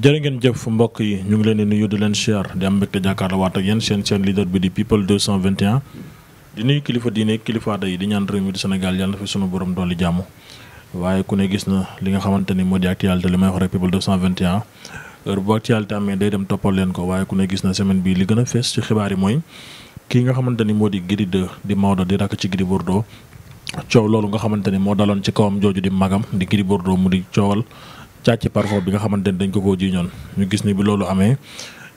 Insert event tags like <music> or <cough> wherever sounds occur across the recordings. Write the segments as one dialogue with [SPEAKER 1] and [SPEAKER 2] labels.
[SPEAKER 1] jërë ngeen jëf mbokk yi ñu ngi leen di nuyu di leen siyaar di am mbégte jàkkaarloo waat ak yéen seen seen leader bi di people di nuyu kilifa diine kilifa yi di ñaan réew mi di Sénégal yàlla na fi sunu borom dolli jàmm waaye ku ne gis na li nga xamante ni moo di actualité li may wax rek people 221 heure bu actualité amee day dem toppal leen ko waaye ku ne na semaine bi li gën a fees ci xibaar yi mooy kii nga xamante ni moo di Gris 2 di Maodo di rakk ci Gris Bordeaux coow loolu nga xamante ni moo daloon ci kawam jooju di magam di Gris Bordeaux mu di coowal càcc parfum bi nga xamante ne dañ ko koo jiiñoon ñu gis ni bi loolu amee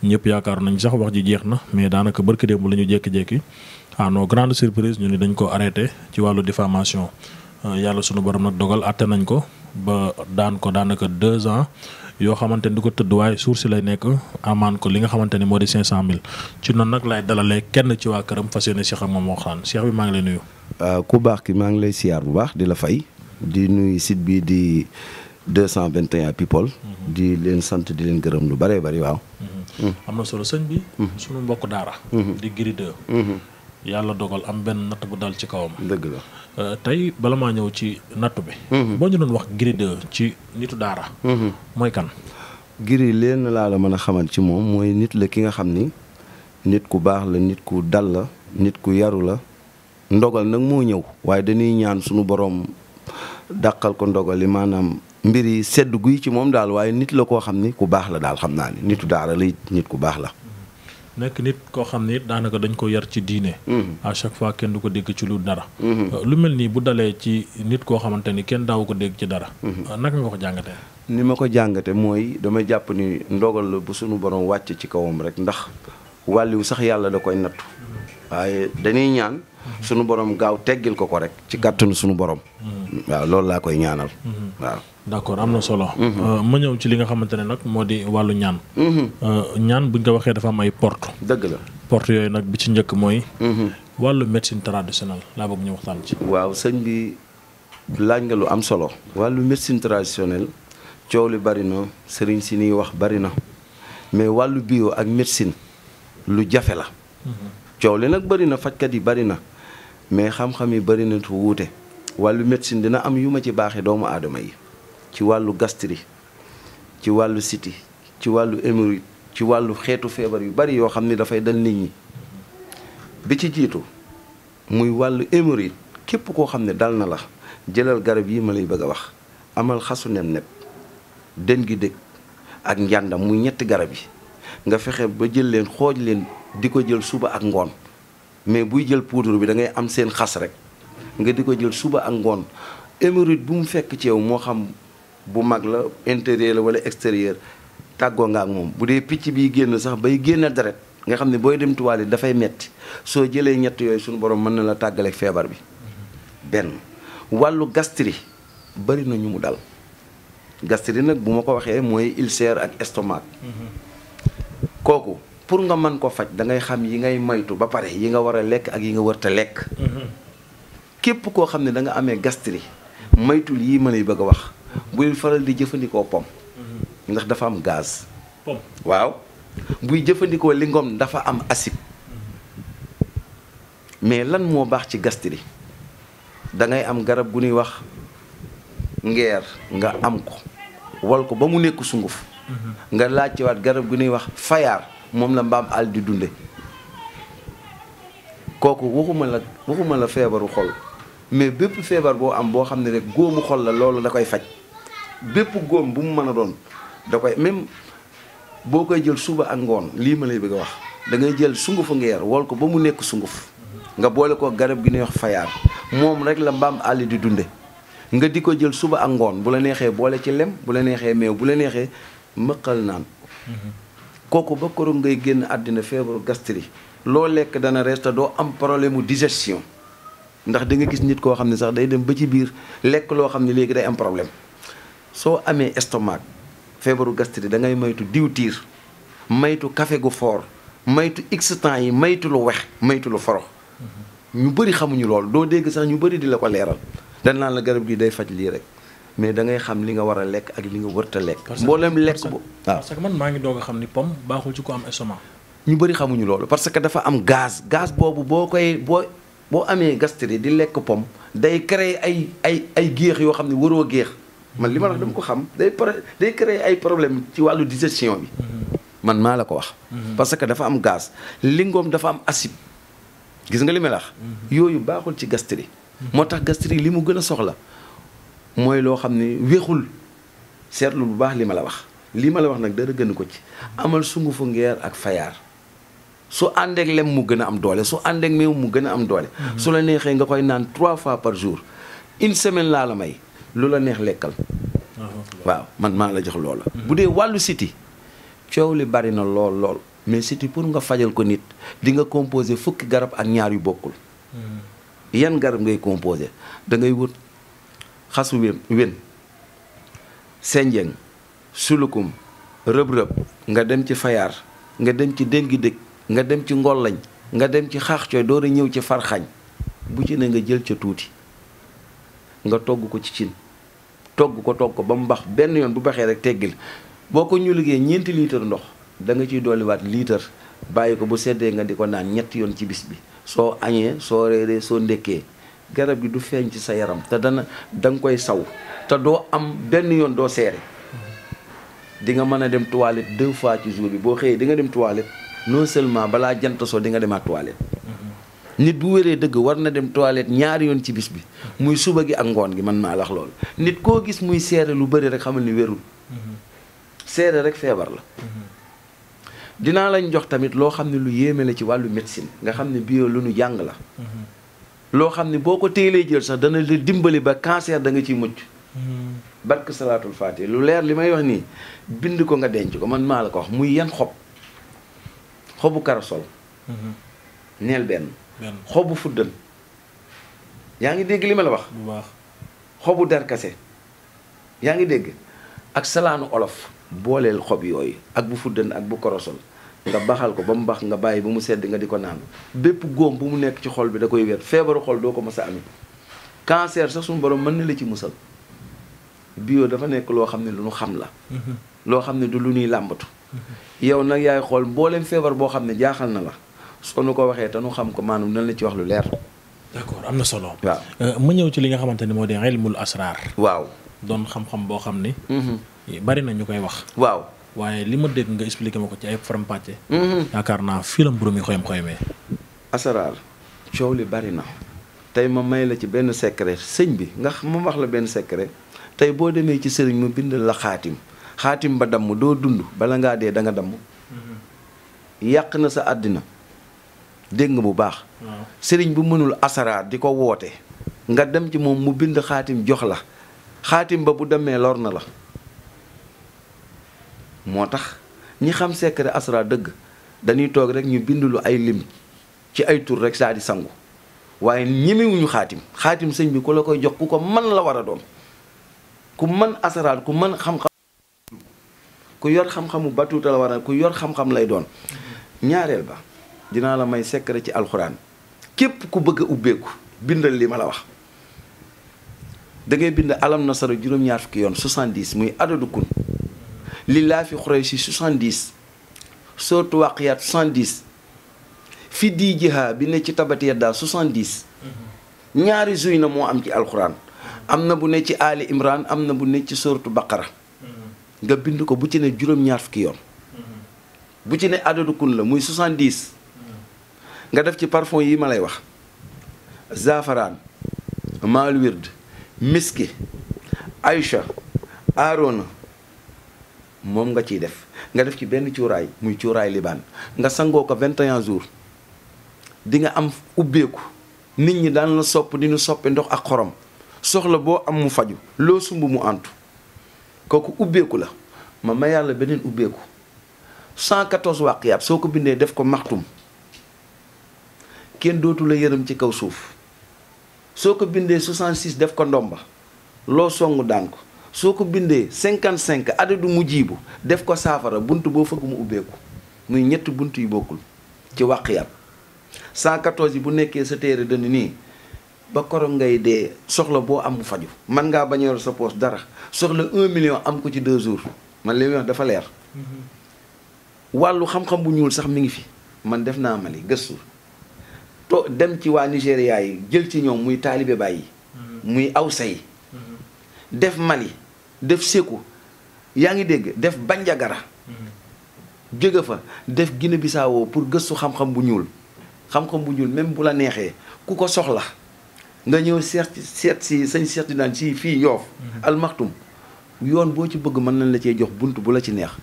[SPEAKER 1] ñëpp yaakaar nañ sax wax ji jeex na mais daanaka barki démb la ñu jékki-jékki à nos grandes surprises ñu ne dañ ko arrêté ci wàllu diffamation euh, yàlla sunu borom nag dogal àtte nañ ko ba daan ko daanaka deux ans yoo xamante ni du ko tëdd waaye suur si lay nekk amaan ko li nga xamante ni moo di cinq cent mille ci noonu nag lay dalalee kenn ci waa këram fas yéene Cheikh ak moom waxtaan Cheikh bi maa ngi lay nuyu.
[SPEAKER 2] Euh, ku baax ki maa ngi lay siyaar bu baax di la fay di nuyu site bi di. cent vingt et people. Mhm. di leen sant di leen gërëm lu bëree bëri waaw. Mhm. Mm.
[SPEAKER 1] am na solo sëñ bi. Mm-hmm. sunu mbokk daara. Mm-hmm. di Gris mm-hmm. yàlla dogal am benn natt bu dal ci kawam. dëgg la euh, tey bala maa ñëw ci natt bi. boo ñu doon wax Gris ci nitu daara.
[SPEAKER 2] mooy kan. Gris leen laa la mën a xamal ci moom mooy nit la ki nga xam ni nit ku baax la nit ku dal la nit ku yaru la ndogal nag moo ñëw waaye dañuy ñaan suñu boroom dàqal ko ndogal maanaam. mbir yi sedd guy ci moom daal waaye nit la koo xam ni ku baax la daal xam naa ni nitu daara la nit ku baax la.
[SPEAKER 1] nekk nit koo xam ne daanaka dañ ko yar ci diine. Mm-hmm. chaque fois kenn du ko dégg ci lu dara. Mm-hmm. Euh, lu mel nii bu dalee ci nit koo xamante ni kenn daawu ko dégg ci dara. Mm-hmm. Euh, naka nga ko jàngatee.
[SPEAKER 2] ni ma ko jàngatee mooy damay jàpp ni ndogal la bu sunu borom wàcc ci kawam rek ndax wàlliw sax yàlla da koy nattu. waaye dañuy ñaan. sunu borom gaaw teggil ko ko rek. ci kàttanu sunu borom. waaw loolu laa koy ñaanal waaw. d' accord am na solo.
[SPEAKER 1] Euh, ma ñëw ci li nga xamante ne nag moo di wàllu ñaan. Euh, ñaan buñ ko waxee dafa am ay porte dëgg la port yooyu nag bi ci njëkk mooy. Mhm. wàllu médecine traditionnelle laa bëgg ñu waxtaan
[SPEAKER 2] ci. waaw sëñ bi laaj nga lu am solo. wàllu médecine traditionnelle coow li bari na sëriñ si niy wax bari na mais wàllu bio ak médecine lu jafe la. Mhm. coow li nag bari na fajkat yi bari na mais xam-xam yi bari na tu wuute wàllu médecine dina am yu ma ci baaxee doomu aadama yi. ci wàllu gastrique ci wàllu siti ci wàllu hémorroïde ci wàllu xeetu feebar yu bari yoo xam ni dafay dal nit ñi bi ci jiitu muy wàllu hémorroïde képp koo xam ne dal na la jëlal garab yi ma lay bëgg a wax amal xasu nem neb den gi dëkk ak njàndam muy ñetti garab yi nga fexe ba jël leen xooj leen di ko jël suba ak ngoon mais buy jël poudre bi da ngay am seen xas rek nga di ko jël suba ak ngoon hémorroïde bu mu fekk ci yow moo xam bu mag la intérieur la wala extérieur tàggoo nga ak moom bu dee picc biy génn sax bay génn deret nga xam ne booy dem tuwaale dafay metti soo jëlee ñett yooyu suñu boroom mën na la tàggaleeg feebar bi benn wàllu gastri bari na ñu mu dal gastri nag bu ma ko waxee mooy ulcère ak estomac kooku pour nga mën ko faj da ngay xam yi ngay maytu ba pare yi nga war a lekk ak yi nga wërta lekk mhm. képp koo xam ne da nga amee gastri moytul yi ma lay bëgg a wax buy faral di jëfandikoo pom
[SPEAKER 3] mm-hmm.
[SPEAKER 2] ndax dafa am gaas pom waaw buy jëfandikoo lingom dafa am acide mm-hmm. mais lan moo baax ci gastri da ngay am garab gu ñuy wax ngeer nga am ko wal ko ba mu nekk sunguf mm-hmm. nga laaj ci waat garab gu ñuy wax fayaar moom la mbaam àll di dunde kooku waxuma la waxuma la feebaru xol mais bépp feebar boo am boo xam ne rek góomu xol la loolu da koy faj bépp góom bu mu mën a doon da koy même boo koy jël suba ak ngoon lii ma lay bëgg a wax da ngay jël sungufu ngeer wol ko ba mu nekk sunguf nga boole ko garab gi ñuy wax fayaar moom rek la mbaam àll di dunde nga di ko jël suba ak ngoon bu la neexee boole ci lem bu la neexee meew bu la neexee mëqal naan kooku ba koroog ngay génn àddina feebaru gastri loo lekk dana rees doo am problème mu digestion ndax da nga gis nit koo xam ne sax day dem ba ci biir lekk loo xam ne léegi day am problème soo amee estomac feebaru gastrite da ngay moytu diwtiir maytu kafe gu fort maytu excitant yi maytu lu wex maytu lu forox ñu bëri xamuñu loolu doo dégg sax ñu bëri di la ko leeral dañ naan la garab gi day faj rek mais da ngay xam li nga war a lekk ak li nga wërta lekk mboolem lekk bu waaw
[SPEAKER 1] parce man maa ngi doog xam ni pom baaxul ci ko am estomac
[SPEAKER 2] ñu bëri xamuñu loolu parce que dafa am gaz gaz boobu boo koy boo boo amee gastrite di lekk pom day créer ay ay ay géex yoo xam ne waroo géex man li ma wax dama ko xam day pare day créer ay problème ci wàllu digestion bi. man maa la ko wax. parce que dafa am gaz. lingoom dafa am acide. gis nga li ma yooyu baaxul ci gastrique. moo tax gastrique li mu gën a soxla mooy loo xam ne wéexul seetlu bu baax li ma la wax. li ma la wax nag dara gën ko ci amal sungufu ngeer ak fayaar su àndeek lem mu gën a am doole su àndeek meew mu gën a am doole. su la neexee nga koy naan trois fois par jour une semaine laa la may. lu la neex lekkal. waaw man maa la jox loola. bu dee wàllu siti coow li bari na lool lool mais siti pour nga fajal ko nit di nga composé fukki garab ak ñaar yu bokkul. Hmm. yan garab ngay composé da ngay wut xasu wen wen senjeng sulukum rëb-rëb nga dem ci fayaar nga dem ci déngi dëkk nga dem ci ngollañ nga dem ci xaax cooy door a ñëw ci farxañ bu ci ne nga jël ca tuuti nga togg ko ci cin togg ko togg ko ba mu bax benn yoon bu baxee rek teggil boo ko ñu liggéey ñeenti litre ndox da nga ciy dolliwaat litre bàyyi ko bu seddee nga di ko naan ñetti yoon ci bis bi soo añee soo reeree soo ndekkee garab gi du feeñ ci sa yaram te dana da nga koy saw te doo am benn yoon doo seere di nga mën a dem toilette deux fois ci jour bi boo xëyee dinga nga dem toilette noo seulement balaa jant soo di nga demaat toilette nit bu wéree dëgg war na dem toilette ñaari yoon ci bis bi muy suba gi ak ngoon gi man maa lax loolu nit koo gis muy seere lu bari rek xamal ni wérul seere rek feebar la dinaa lañ jox tamit loo xam ne lu yéeme la ci wàllu médecine nga xam ne bio lu nu jàng la loo xam ne boo ko teelee jël sax dana la dimbali ba cancer da nga ciy mucc barke salaatul faati lu leer li may wax nii bind ko nga denc ko man maa la ko wax muy yan xob xobu karasol neel benn xobu fuddën yaa ngi dégg li ma la wax xobu darkase yaa ngi dégg ak salaanu olof booleel xob yooyu ak bu fuddën ak bu korosol nga baxal ko ba mu bax nga bàyyi ba mu sedd nga di ko naan bépp góom bu mu nekk ci xol bi da koy wér feebaru xol doo ko mës a amit cancer sax suñu borom mën na la ci musal bio dafa nekk loo xam ne lu ñu xam la mhm. loo xam ne du lu ñuy làmbatu mhm. yow nag yaay xool mboolem feebar boo xam ne jaaxal na la soo nu ko waxee te nu xam ko maanaam nan la ci wax lu leer.
[SPEAKER 1] d'accord am na solo. waaw euh, ma ñëw ci li nga xamante ni moo di ilmul asraar. waaw doon xam-xam boo xam ni. Mm-hmm. bari na ñu koy wax. waaw waaye li ma dégg nga expliqué ma ko ci ay faram-pàcce. Mm-hmm. yaakaar naa fii la mburum yi xoyam xoyamee.
[SPEAKER 2] asraar coow li bari na. tey ma may la ci benn secret sëñ bi nga ma wax la benn secret tey boo demee ci sëriñ mu bind la xaatim xaatim ba damm doo dund bala ngaa dee da nga mm-hmm. yàq na sa àddina dégg nga bu baax. sëriñ bu mënul asaraar di ko woote. nga dem ci moom mu bind xaatim jox la xaatim ba bu demee lor na la moo tax ñi xam secret asaraar dëgg dañuy toog rek ñu bind lu ay lim ci ay tur rek saa di sangu waaye ñemewuñu xaatim xaatim sëñ bi ku la koy jox ku ko mën la war a doon ku mën asaraar ku mën xam-xam. ku yor xam-xamu batuuta war a ku yor xam-xam lay doon mm-hmm. ñaareel ba. dinaa la may secret ci alxuraan képp ku bëgg a ubbeeku bindal li ma la wax da ngay bind alam nasara juróom-ñaar fukki yoon 70 muy adadu kun lillaafi xuraysi 70 sootu waqiyaat 70 fi di jiha bi ne ci tabati yaddaa 70 ñaari zuy na moo am ci alxuraan am na bu ne ci aali imran am na bu ne ci sootu baqara nga bind ko bu ci ne juróom-ñaar fukki yoon mm-hmm. bu ci ne adadu kun la muy 70 nga def ci parfum yi ma lay wax zafaraan malwird miski aïcha aarona moom nga ciy def nga def ci benn cuuraay muy cuuraay libaan nga sangoo ko 21 jours di nga am ubbeeku nit ñi daan la sopp di ñu soppi ndox ak xorom soxla boo am mu faju loo sumb mu antu kooku ubbeeku la ma ma yàlla beneen ubbeeku 114 waqiyaat soo ko bindee def ko maxtum kenn dootu la yërëm ci kaw suuf soo ko bindee 66 def ko ndomba loo songu daan ko soo ko bindee 55 adadu mujjibu def ko saafara bunt boo fëgg mu ubbeeku muy ñetti bunt yu bokkul ci wàqiyaat 114 yi bu nekkee sa téere dënn nii ba koroog ngay dee soxla boo am faju man ngaa bañ yor sa poos dara soxla 1 million am ko ci 2 jours man li wax dafa leer mm-hmm. wàllu xam-xam bu ñuul sax mi ngi fi man def naa mali gëstu to dem ci waa Nigéria yi jël ci ñoom muy taalibe Baay yi mm-hmm. muy Awsa yi
[SPEAKER 3] mm-hmm.
[SPEAKER 2] def Mali def Sékou yaa ngi dégg def Bandiagara
[SPEAKER 3] mm-hmm.
[SPEAKER 2] jóge fa def Guinée Bissau pour gëstu xam-xam bu ñuul xam-xam bu ñuul même bu la neexee ku ko soxla nga ñëw seet seet si sañ seet di naan si fii Yoof almaxtum yoon boo ci bëgg mën nañ la cee jox bunt bu la ci neex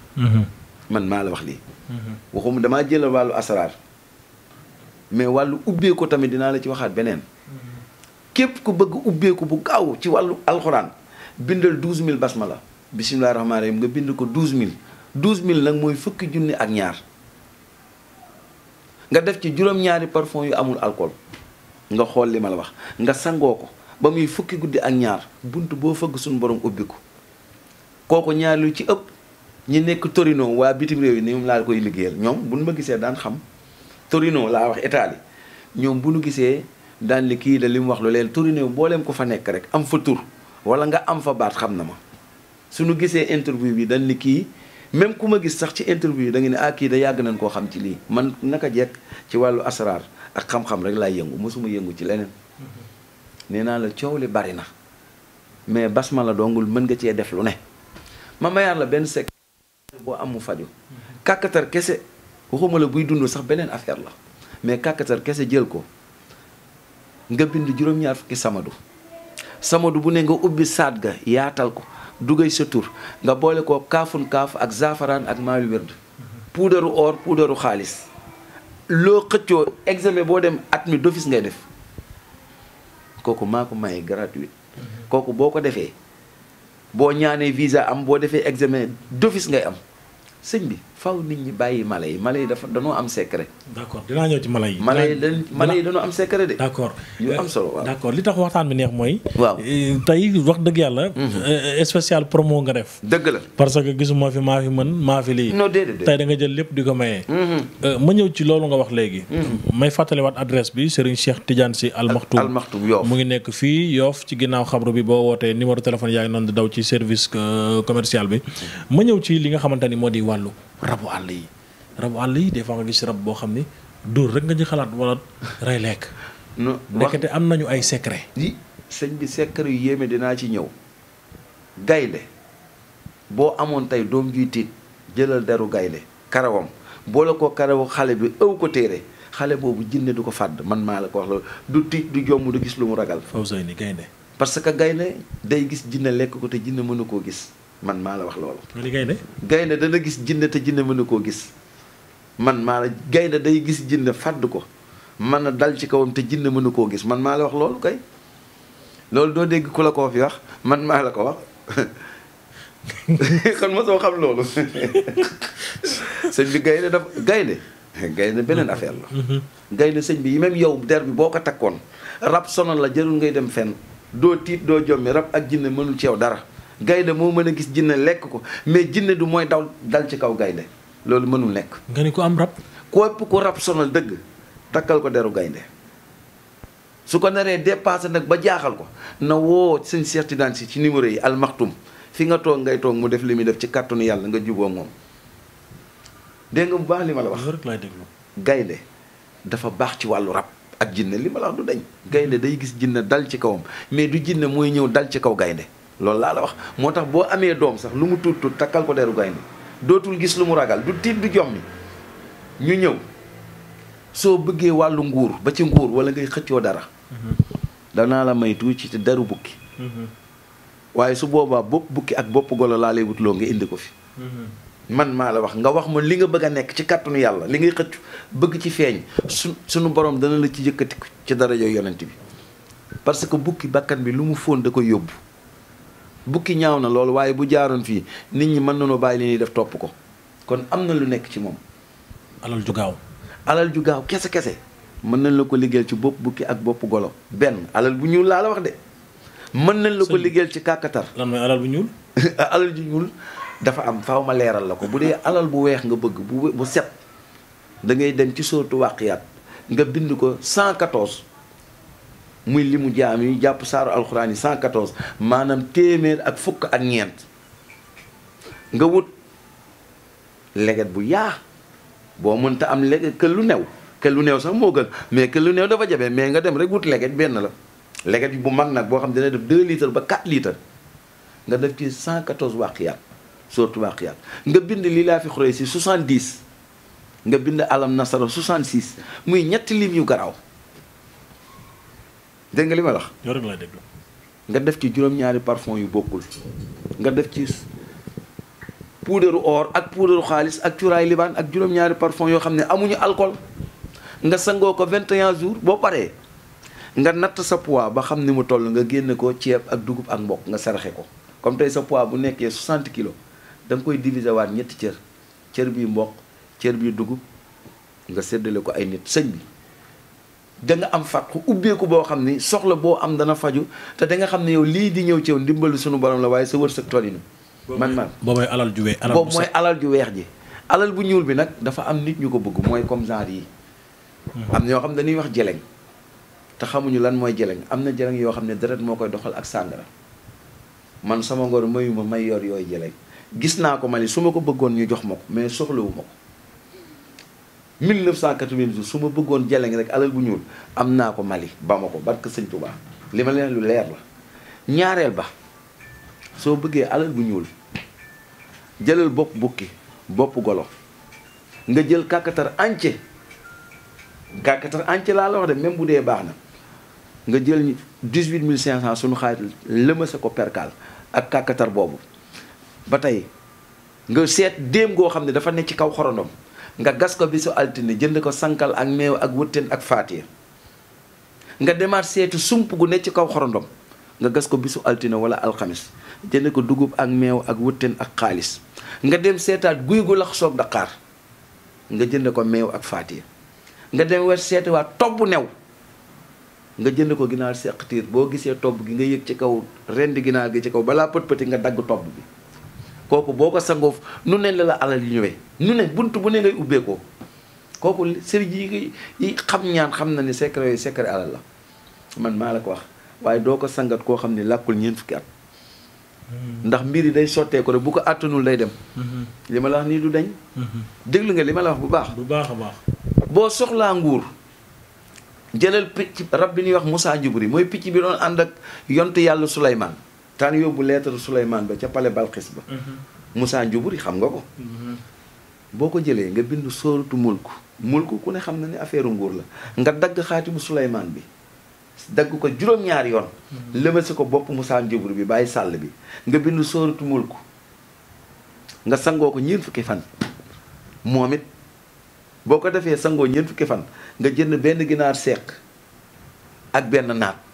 [SPEAKER 2] man maa la wax lii waxum damaa jëlal wàllu asaraar mais wàllu ubbeeku tamit dinaa la ci waxaat beneen képp ku bëgg ubbeeku bu gaaw ci wàllu alxuraan bindal 12000 basmala bisimilah rahmaani rahim nga bind ko 12000 12000 nag mooy fukki junni ak ñaar nga def ci juróom-ñaari parfum yu amul alcool nga xool li ma la wax nga sangoo ko ba muy fukki guddi ak ñaar bunt boo fëgg suñu borom ubbi ko kooku ñaar lu ci ëpp ñi nekk Torino waa bitim réew yi ni moom laa koy liggéeyal ñoom bu buñ ma gisee daan xam. Torino laa wax Italie ñoom bu nu gisee daan li kii da li mu wax lu leen Torino mbooleem ko fa nekk rek am fa tur wala nga am fa baat xam na ma su nu gisee interview bi dañ li kii même ku ma gis sax ci interview yi da nga ne ah kii da yàgg nañ koo xam ci lii man naka jekk ci wàllu asraar ak xam-xam rek laay yëngu mosuma yëngu ci leneen nee naa la coow li bari na mais la dongul mën nga cee def lu ne ma mayaar la benn sec boo am faju kàkkatar waxuma la buy dund sax beneen affaire la mais kàkkatar kese jël ko nga bind juróom-ñaar fukki samadu samadu bu ne nga ubbi saat ga yaatal ko dugay sa tur nga boole ko kaafun kaaf ak saafaraan ak maawi wérd puudaru or puudaru xaalis loo xëccoo examen boo dem at mi dofis ngay def kooku maa ko maye gratuit kooku boo ko defee boo ñaanee visa am boo defee examen dofis ngay am sëñ bi faw nit ñi bàyyi mala yi mala yi dafa dañoo am secret.
[SPEAKER 1] d'accord dinaa yi. mala yi dañu mala
[SPEAKER 2] yi dañoo am secret de. d'accord yu am li tax waxtaan
[SPEAKER 1] bi neex mooy. waaw eh, tey wax dëgg yàlla. Mhm. Eh, spécial promo nga def. dëgg la parce que gisuma fi maa fi mën maa fi lii. tey da jël lépp di ko maye. Mhm. Euh, ma ñëw ci loolu nga wax léegi. Mhm. may fàttaliwaat adresse bi Serigne Cheikh Tidiane si Al Maktoum. Al Maktoum Yoff mu ngi nekk fii Yoff ci ginnaaw xabru bi boo wootee numéro téléphone yaa ngi noonu di daw ci service euh, commercial bi ma ñëw ci li nga xamante ni moo di wàllu rabu àll yi rabu àll yi des fois nga gis rab boo xam ni
[SPEAKER 2] dóor rek nga ñu xalaat wala rey lekk. non nekkate am nañu ay secret. yi sëñ bi secret yu yéeme dinaa ci ñëw. gaynde boo amoon tey doom juy tiit jëlal deru gayle karawam boole ko karawu xale bi ëw ko téere xale boobu jinne du ko fàdd man maa la ko wax loolu du tiit du jomm du gis lu mu ragal. Fawzeyni gaynde parce que gaynde day gis jinne lekk ko te jinne mënu koo gis. man maa la wax loolu. loolu gaynde gaynde dana gis jinne te jinne mënu koo gis man maa la gaynde day gis jinne fàdd ko man na dal ci kawam te jinne mënu koo gis man maa la wax loolu kay loolu doo dégg ku la koo fi wax man maa la ko wax <laughs> kon mosoo xam loolu <laughs> sëñ bi gaynde dafa gaynde gaynde beneen affaire la mm-hmm. gaynde sëñ bi même yow der bi boo ko takkoon rab sonal la jarul ngay dem fenn doo tiit doo jommi rab ak jinne mënul ci yow dara gaynde moo mën a gis jinne lekk ko mais jinne du mooy daw dal ci kaw gaynde loolu mënul nekk. nga ni ko am rab. képp ko rab sonal dëgg takkal ko deru gaynde su ko neree dépassé nag ba jaaxal ko na woo sëñ Cheikh Tidiane Sy ci numéro yi almaxtum fi nga toog ngay toog mu def li muy def ci kàttanu yàlla nga juboo moom dégg nga bu baax li ma la wax. rek laay gaynde dafa baax ci wàllu rab ak jinne li ma la wax du dañ. gaynde day gis jinne dal ci kawam mais du jinne mooy ñëw dal ci kaw gaynde loolu laa la wax moo tax boo amee doom sax lu mu tuut tuut takkal ko deru gaynde dootul gis lu mu ragal du tiit du jommi ñu ñëw soo bëggee wàllu nguur ba ci nguur wala ngay xëccoo dara
[SPEAKER 3] mm-hmm.
[SPEAKER 2] danaa la may tuuti ci deru bukki mm-hmm. waaye su boobaa bopp bukki ak bopp golo laa lay wutloo nga indi ko fi mm-hmm. man maa la wax nga wax ma li nga bëgg a nekk ci kàttanu yàlla li ngay xëccu bëgg ci feeñ su suñu borom dana la ci yëkkati ci dara yooyu yonent bi parce que bukki bakkan bi lu mu fóon da koy yóbbu bukki ñaaw na loolu waaye bu jaaroon fii nit ñi mën nañoo bàyyi li ñuy def topp ko kon am na lu nekk ci moom. alal ju gaaw. alal ju gaaw kese kese mën nañ la ko liggéeyal ci bopp bukki ak bopp golo benn alal bu ñuul laa wax de. mën nañ la ko liggéeyal ci kàkkatar. lan mooy alal bu ñuul. <laughs> alal ju ñuul dafa am faw ma leeral la ko bu dee alal bu weex nga bëgg bu bu set da ngay dem ci sóotu waqiyaat nga bind ko 114. muy limu jaam yi jàpp saaru alxuraan yi 114 maanaam téeméer ak fukk ak ñeent nga wut leget bu yaa boo mënta am leget kël lu new kël lu new sax moo gën mais kël lu new dafa jabe mais nga dem rek wut leget benn la leget bu mag nag boo xam dina def 2 litres ba 4 litres nga def cent 114 waqiyaat surtout waqiyaat nga bind li laa fi xuree si 70 nga bind alam nasara 66 muy ñetti lim yu garaaw. dégg nga li ma wax. yow rek nga def ci juróom-ñaari parfum yu bokkul nga def ci poudre or ak poudre xaalis ak cuuraay libaan ak juróom-ñaari parfum yoo xam ne amuñu alcool nga sangoo ko vingt 21 jours boo paree nga natt sa poids ba xam ni mu toll nga génne ko ceeb ak dugub ak mbokk nga saraxe ko comme tey sa poids bu nekkee 60 kilos da nga koy diviser waat ñetti cër cër bi mboq cër bii dugub nga séddale ko ay nit sëñ bi. da nga am fàqu ubbeeku boo xam ni soxla boo am dana faju te da nga xam ne yow lii di ñëw ci yow ndimbalu suñu borom la waaye sa wërsëg tolinu man man boobu mooy alal ju weex boobu mooy alal ju weex ji alal bu ñuul bi nag dafa am nit ñu ko bëgg mooy comme genre yi
[SPEAKER 3] mhm.
[SPEAKER 2] am na yoo xam ne dañuy wax jeleñ te xamuñu lan mooy jeleñ am na jeleñ yoo xam ne deret moo koy doxal ak sàngara man sama ngor mayuma may yor yooyu jeleñ gis naa ko ma ni su ma ko bëggoon ñu jox ma ko mais soxlawu ma ko 1992 su ma bëggoon Jeleng rek alal bu ñuul am naa ko Mali ba ma Bamako barke sëñ Touba li ma leen lu leer la ñaareel ba soo bëggee alal bu ñuul jëlal bopp bukki bopp golo nga jël kàkkatar ance kàkkatar ance laa la wax de même bu dee baax na nga jël 18500 suñu xaalis lëmase ko perkaal ak kàkkatar boobu ba tey nga seet déem goo xam ne dafa ne ci kaw xorondom nga gas ko bisu altine jënd ko sankal ak meew ak wëtteen ak faatiya nga demaat seetu sump gu ne ci kaw xorondom nga gas ko bisu altine wala alxamis jënd ko dugub ak meew ak wëtteen ak xaalis nga dem seetaat guy gu lax soog daqaar nga jënd ko meew ak faatiya nga dem weer seetiwaat tobb new nga jënd ko ginaar seqtiir boo gisee tobb gi nga yëg ci kaw rendi ginaar gi ci kaw balaa pët pëti nga dagg tobb bi kooku boo ko sangoof nu ne la la alal yi ñëwee nu ne bunt bu ne ngay ubbeekoo kooku sëriñ yi xam ñaan xam na ni secret yooyu secret alal la man maa la ko wax waaye doo ko sangat koo xam ne làkkul ñeent fukki at hmm. ndax mbir yi day sottee ko rek bu ko àttanul day dem hmm. li ma la wax nii du dañ hmm. déglu nga li ma la wax bu baax bu baax a baax boo soxlaa nguur jëlal picc rab bi nuy wax Moussa Djibril mooy picc bi doon ànd ak yontu yàlla Souleymane taan yóbbu lettre Souleymane ba ca palais Balkis ba mhm. Moussa Njuburi xam nga ko mhm. boo ko jëlee nga bind sóoratu mulk mulk ku ne xam na ne affaire nguur la nga dagg xaati bu bi dagg ko juróom-ñaar yoon mhm. lëmasi ko bopp musaa Njuburi bi bàyyi sàll bi nga bind sóoratu mulk nga sangoo ko ñeent fukki fan moom it boo ko defee sangoo ñeent fukki fan nga jënd benn ginaar seq ak benn naat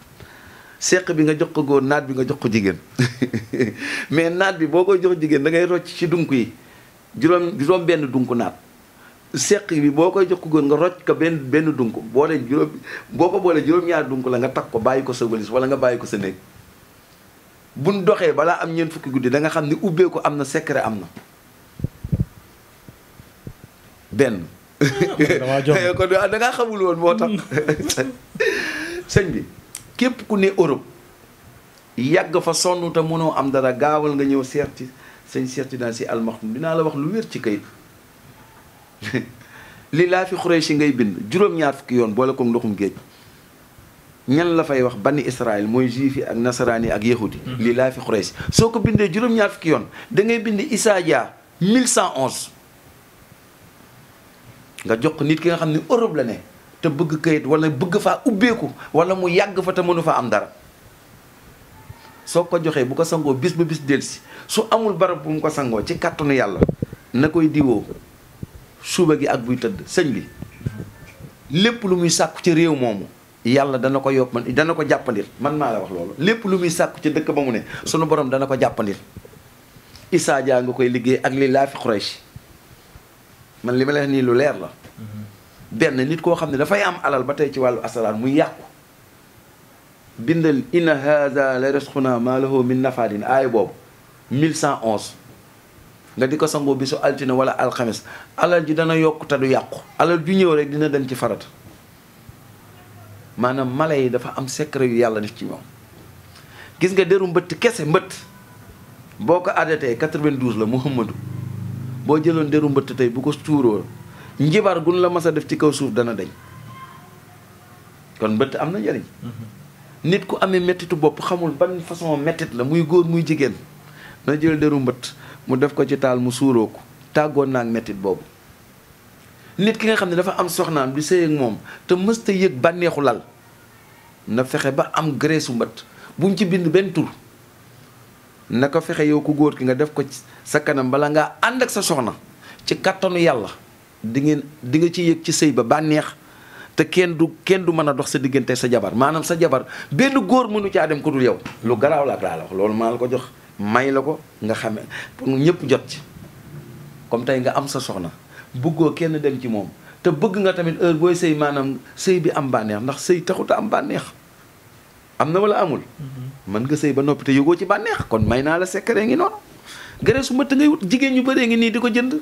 [SPEAKER 2] seq bi nga jox ko góor naat bi nga jox ko jigéen <laughs> mais naat bi boo koy jox jigéen da ngay rocc ci dunk yi juróom juróom benn dunk naat seq bi boo koy jox ko góor nga rocc ko benn benn dunk boole juróom boo ko boole juróom dunk la nga takk ko bàyyi ko sa walis wala nga bàyyi ko sa néeg buñ doxee balaa am ñeent fukki guddi da xam ni ubbee am na secret am na benn ah, <laughs> kon da ngaa xamul woon moo tax <laughs> sëñ bi képp ku ne Europe yàgg fa sonn te mënoo am dara gaawal nga ñëw seeti sëñ seeti naa si almaxtum dinaa la wax lu wér ci kayit <laughs> li laa fi xuree si ngay bind juróom-ñaar fukki yoon boole ko ndoxum géej ñan la fay wax banni Israël mooy juif yi ak nasaraan yi ak yahudi mm-hmm. lii laa fi xuree soo ko bindee juróom-ñaar fukki yoon da ngay bind cent 1111 nga jox ko nit ki nga xam ne Europe la ne. te bëgg kayit wala bëgg faa ubbeeku wala mu yàgg fa te mënu fa am dara soo ko joxee bu ko sangoo bis ba bis delsi su amul barab bu mu ko sangoo ci kàttanu yàlla na koy diwoo suuba gi ak buy tëdd sëñ bi lépp lu muy sàkku ci réew moomu yàlla dana ko yop dana ko jàppandir man maa la wax loolu lépp lu muy sàkku ci dëkk ba mu ne sunu borom dana ko jàppandil isaa jaa nga koy liggéey ak li laa fi Quraysh man li ma la nii lu leer la mhm. benn nit koo xam ne dafay am alal ba tey ci wàllu asalaam muy yàqu bindal inna haza la risquna ma lahu min nafaadin aaya boobu 1111 nga di ko sangoo bisu altine wala alxames alal ji dana yokk te du yàqu alal ju ñëw rek dina dem ci farata maanaam mala yi dafa am secret yu yàlla def ci ñoom gis nga deru mbëtt kese mbëtt boo ko adatee 92 la Muhammadu boo jëloon deru mbëtt tey bu ko suuroo njibar gun la mas a def ci kaw suuf dana dañ kon mbëtt am na njëriñ mhm. nit ku amee mettitu bopp xamul ban façon mettit la muy góor muy jigéen na jël deru mbëtt mu def ko ci taal mu suuroo ko tàggoon naa ak mettit boobu nit ki nga xam ne dafa am soxnaam di sëy ak moom te mësta yëg bànneexu lal na fexe ba am graisse mbëtt bu mu ci bind benn tur na ko fexe yow ku góor ki nga def ko sa kanam bala ngaa ànd ak sa soxna ci kattanu yàlla di ngeen di nga ci yëg ci sëy ba bànneex te kenn du kenn du mën a dox sa diggante sa jabar maanaam sa jabar benn góor mënu caa dem ku dul yow lu garaaw laa la loolu maa la ko jox may la ko nga xame pour ñëpp jot ci comme tey nga am sa soxna bëggoo kenn dem ci moom te bëgg nga tamit heure booy sëy maanaam sëy bi am bànneex ndax sëy taxut am bànneex am na wala amul mm-hmm. mën nga sëy ba noppi te yógoo ci bànneex kon may naa la secret ngi noon gëre su ma të ngay wut jigéen ñu baree ngi nii di ko jënd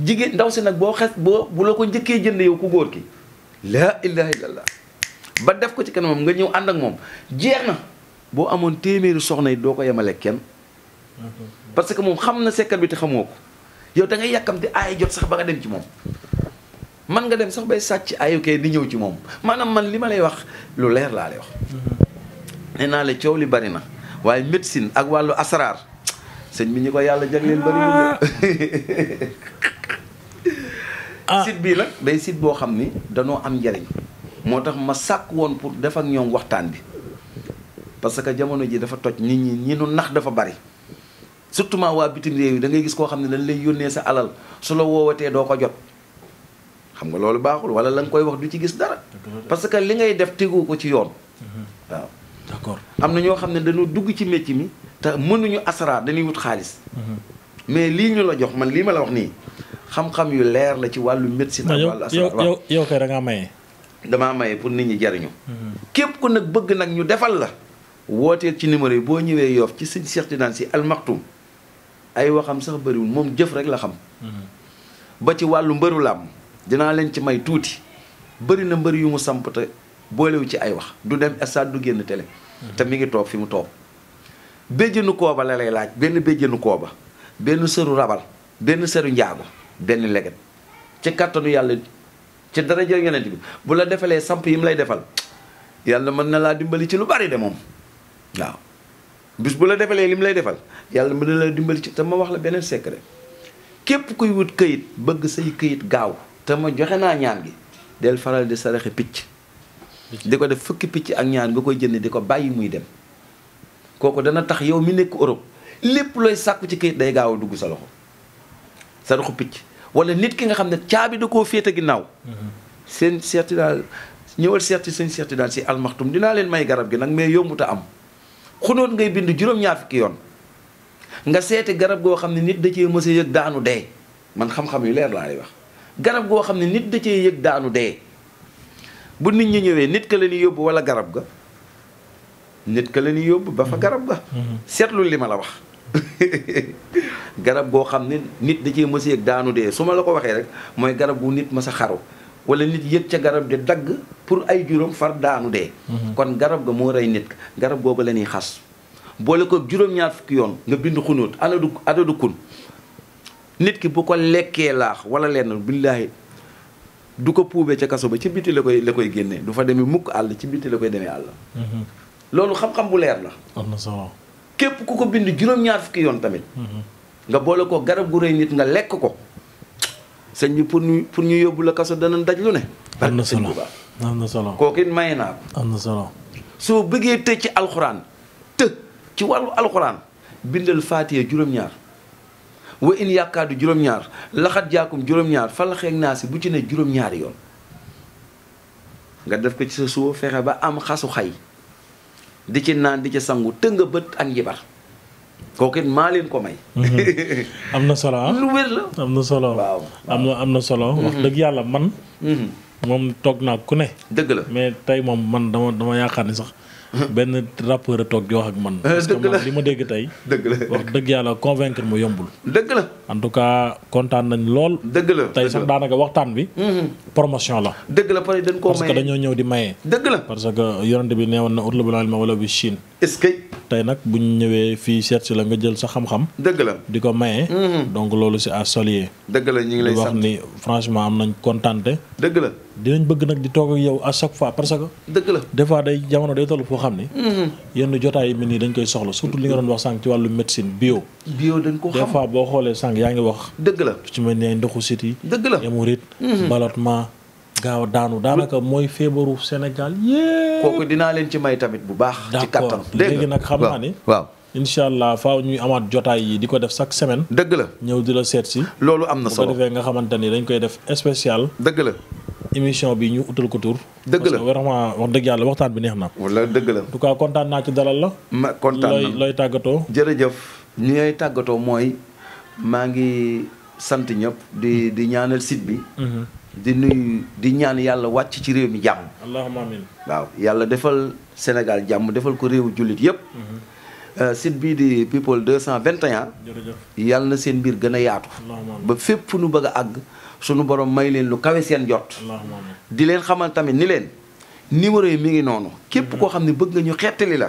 [SPEAKER 2] jigéen ndaw si nag boo xes boo bu la ko njëkkee jënd yow ku góor ki laa ilaha illallah ba def ko ci kanamam nga ñëw ànd ak moom jeex na boo amoon téeméeri soxna yi doo ko yemale kenn parce que moom xam na secret bi te xamoo ko yow da ngay yàkkamte aay jot sax ba nga dem ci moom man nga dem sax bay sàcc aayu kay di ñëw ci moom maanaam man li ma lay wax lu leer laa lay wax nee naa coow li bari na waaye médecine ak wàllu asaraar sëñ bi ñu ko yàlla jagleel bari <laughs> Ah. site bii nag day site boo xam ni danoo am njariñ moo tax ma sàkk woon pour def ak ñoom waxtaan bi parce que jamono ji dafa toj nit ñi ñi nu nax dafa bari surtout ment waa bitim réew yi da ngay gis koo xam ne dañ lay yónnee sa alal su la woowatee doo ko jot xam nga loolu baaxul wala la nga koy wax du ci gis dara parce que li ngay def tegu ko ci yoon mhm. waaw d'accord am na ñoo xam ne dañu dugg ci métier mi te mënuñu asara dañuy wut xaalis mhm. mais lii ñu la jox man lii ma la wax nii xam-xam yu leer la ci wàllu médecine ak wàllu asalaamaaleykum yow damaa maye pour nit ñi jariñu mhm. képp ku nag bëgg nag ñu defal la. wooteel ci numéro yi boo ñëwee yoof ci sëñ Cheikh Tidiane Sy Al ay waxam sax bëriwul moom jëf rek la xam. Mhm. ba ci wàllu mbërul am dinaa leen ci may tuuti bëri na mbër yu mu samp te boolewu ci ay wax du dem stade du génn télé. Mhm. te mi ngi toog fi mu toog. béjjënu kooba la lay laaj benn béjjënu kooba benn seru rabal benn seru njaago benn leget ci kàttanu yàlla ci daraja yonent bi bu la defalee samp yi mu lay defal yàlla mën na laa dimbali ci lu bari de moom waaw bis bu la defalee li lay defal yàlla mën na laa dimbali ci te ma wax la beneen secret képp kuy wut këyit bëgg say këyit gaaw te ma joxe naa ñaan gi del faral di saraxe picc di ko def fukki picc ak ñaan nga koy jënd di ko bàyyi muy dem kooku dana tax yow mi nekk Europe lépp looy sàkku ci kayit day gaaw a dugg sa loxo saraxu picc wala nit ki nga xam ne caabi da koo féet féete ginnaaw. seen seeti daal ñëwal seeti seen seeti daal si almaxtum dinaa leen may garab gi nag mais yombut a am xunoot ngay bind juróom-ñaar fukki yoon nga seeti garab goo xam ne nit da cee mës yëg daanu dee man xam-xam yu leer laa lay wax garab goo xam ne nit da cee yëg daanu dee bu nit ñi ñëwee nit ka la ñuy yóbbu wala garab ga nit ka la ñuy yóbbu ba fa garab ga mm-hmm. seetlu li ma la wax. <laughs> garab goo xam ne nit da cee mës a daanu dee su ma la ko waxee rek mooy garab gu nit mës sa xaru wala nit yëg ca garab di dagg pour ay juróom far daanu dee mhm. kon garab ga moo rey nit garab googu la xas boole ko fukki yoon nga bind xunóot adadu adadu kun nit ki bu ko lekkee laax wala lenn billaahi du ko puubee ca kaso ba ci biti la koy la koy génnee du fa demee mukk àll ci biti la koy demee àll mhm. loolu xam-xam bu leer la képp ku ko bind juróom-ñaar fukki yoon tamit. nga boole koo garab gu rëy nit nga lekk ko. sëñ bi pour ñu pour ñu yóbbu la kaso danañ daj lu ne. am na solo am na solo kooku it maye naa ko. am na solo. soo bëggee tëj ci alxuraan të ci wàllu alxuraan bindal faatiye juróom-ñaar wa in yàkkaadu juróom-ñaar laxat jaakum juróom-ñaar falaxeeg naa si bu ci ne juróom-ñaari yoon nga def ko ci sa suuf fexe ba am xasu xay. di ci naan di ci sangu të nga bët ak yibar kooku it maa leen ko may. Mhm.
[SPEAKER 1] am na solo ah? am na solo waaw am am na solo. Mhm. wax dëgg yàlla man. Mhm. moom toog naa ku ne. dëgg la mais tey moom man dama dama yaakaar ni sax. benn rappeur toog di wax ak man. Euh, dëgg la li ma dégg tey. dëgg la wax dëgg yàlla convaincre mu yombul. dëgg la en tout cas kontaan nañ lool. dëgg la tey sax daanaka waxtaan bi. Mm-hmm. promotion la. dëgg la pare dañ koo maye parce que dañoo ñëw di maye. dëgg la parce que yonent bi neewoon na urla bi ma wala bi Chine. est-ce que. tey nag bu ñu ñëwee fii seet si la nga jël sa xam-xam. dëgg la di ko maye. Mm-hmm. donc loolu si à saluer.
[SPEAKER 2] dëgg la ñu ngi lay wax
[SPEAKER 1] ni franchement am nañ kontante. dëgg la dinañ bëgg nag di toog ak yow à chaque fois parce que. dëgg la des fois day jamono day toll foo xam ni. Mm-hmm. yenn jotaay yu mel nii dañ koy soxla surtout li nga doon wax sànq ci wàllu médecine bio. bio dañ boo xoolee sànq yaa ngi wax. dëgg la ci mel ni ay ndoxu siti. dëgg la yamurit. Mm-hmm. ballottement. gaaw daanu daanaka mooy feebaru Sénégal yépp kooku dinaa leen ci may tamit bu baax. ci kattan dégg léegi nag xam naa ni waaw. incha allah faaw ñuy amaat jotaay yi di ko def chaque semaine. dëgg la ñëw di la seet si. loolu am na solo bu ko defee nga xamante ni dañ koy def spécial. dëgg la émission bi ñu utal ko tur. dëgg la parce que vraiment wax dëgg yàlla waxtaan bi neex na. wala dëgg la. du tout kontaan naa
[SPEAKER 2] ci dalal la. ma kontaan looy looy tàggatoo. jërëjëf ñi ngay tàggatoo mooy maa ngi sant ñëpp di di ñaanal site bi. Mm-hmm. di nuyu di ñaan yàlla wàcc ci réew mi jàmm. allahumma amiin waaw yàlla defal Sénégal jàmm defal ko réewu jullit yëpp. Mhm. Euh, site bii di people 221. jërëjëf yàlla na seen mbir gën a yaatu. ba fépp fu nu bëgg a àgg sunu borom may leen lu kawe seen jot. di leen xamal tamit ni leen numéro yi mi ngi noonu. képp mhm. koo xam ne bëgg nga ñu xettali la.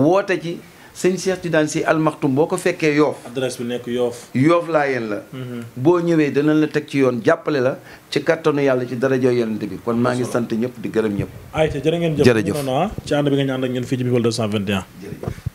[SPEAKER 2] woote ci. sëñ Cheikh Tidiane si almaxtum boo ko fekkee yoof adresse bi nekk yoof yoof laa yéen la mhm. boo ñëwee danañ la teg ci yoon jàppale la ci kattanu yàlla ci darajo yonent bi kon maa ngi sant ñëpp di gërëm ñëpp
[SPEAKER 3] ayca jërë ngeen
[SPEAKER 1] jëf jërëjëf ah,
[SPEAKER 2] ci ànd bi nga ñu ànd ak ñun fii ci
[SPEAKER 1] People 221